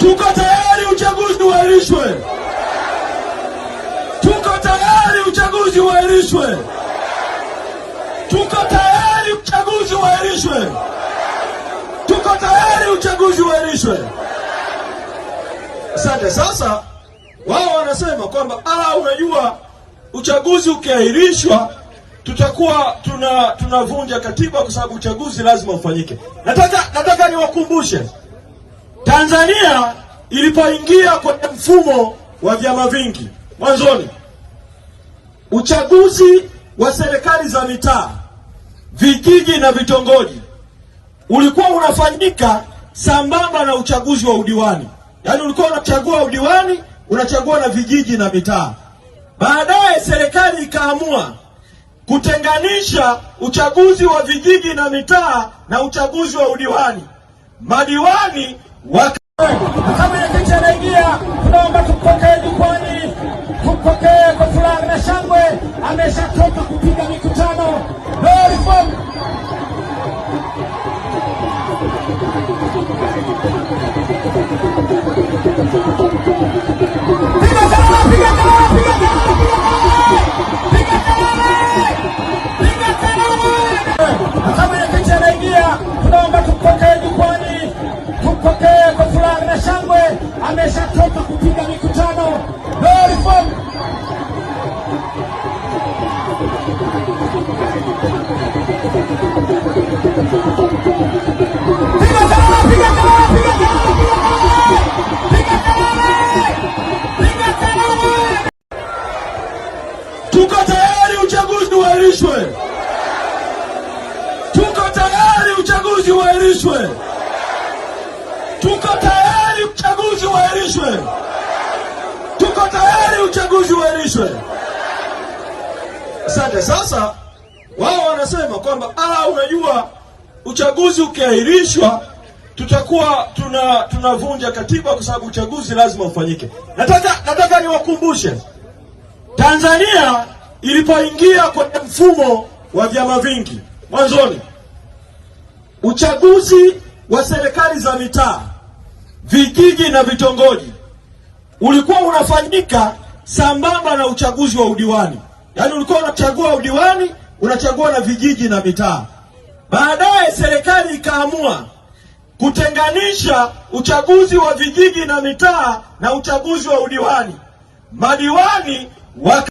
Tuko tayari uchaguzi uahirishwe, tuko tayari uchaguzi uahirishwe, tuko tayari uchaguzi uahirishwe, tuko tayari uchaguzi uahirishwe. Asante. Sasa wao wanasema kwamba ah, unajua uchaguzi ukiahirishwa tutakuwa tunavunja tuna katiba kwa sababu uchaguzi lazima ufanyike. Nataka nataka niwakumbushe Tanzania ilipoingia kwenye mfumo wa vyama vingi mwanzoni, uchaguzi wa serikali za mitaa, vijiji na vitongoji ulikuwa unafanyika sambamba na uchaguzi wa udiwani, yaani ulikuwa unachagua udiwani, unachagua na vijiji na mitaa. Baadaye serikali ikaamua kutenganisha uchaguzi wa vijiji na mitaa na uchaguzi wa udiwani. Madiwani Kabla kiti anaingia, tunaomba tumpokee jukwani, tumpokee kwa furaha na shangwe. Ameshatoka kupiga mikutano no reform ameshatoka kupiga mikutano no reform. Tuko tayari uchaguzi uahirishwe, tuko tayari uchaguzi uahirishwe, tuko tayari uchaguzi uahirishwe. Tuko tayari uchaguzi uahirishwe. Asante. Sasa wao wanasema kwamba ah, unajua uchaguzi ukiahirishwa tutakuwa tuna tunavunja katiba kwa sababu uchaguzi lazima ufanyike. Nataka nataka niwakumbushe Tanzania ilipoingia kwenye mfumo wa vyama vingi mwanzoni, uchaguzi wa serikali za mitaa vijiji na vitongoji ulikuwa unafanyika sambamba na uchaguzi wa udiwani, yaani ulikuwa unachagua udiwani, unachagua na vijiji na mitaa. Baadaye serikali ikaamua kutenganisha uchaguzi wa vijiji na mitaa na uchaguzi wa udiwani, madiwani wak